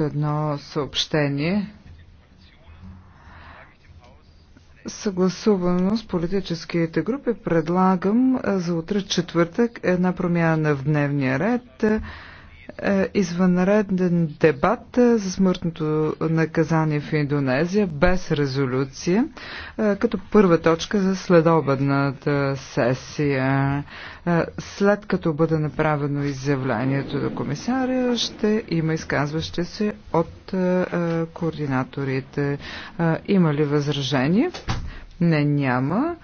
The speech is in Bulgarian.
едно съобщение, съгласувано с политическите групи, предлагам за утре четвъртък една промяна в дневния ред. Е, извънреден дебат е, за смъртното наказание в Индонезия без резолюция, е, като първа точка за следобедната сесия. След като бъде направено изявлението до комисаря, ще има изказващи се от координаторите. Има ли възражение? Не, няма.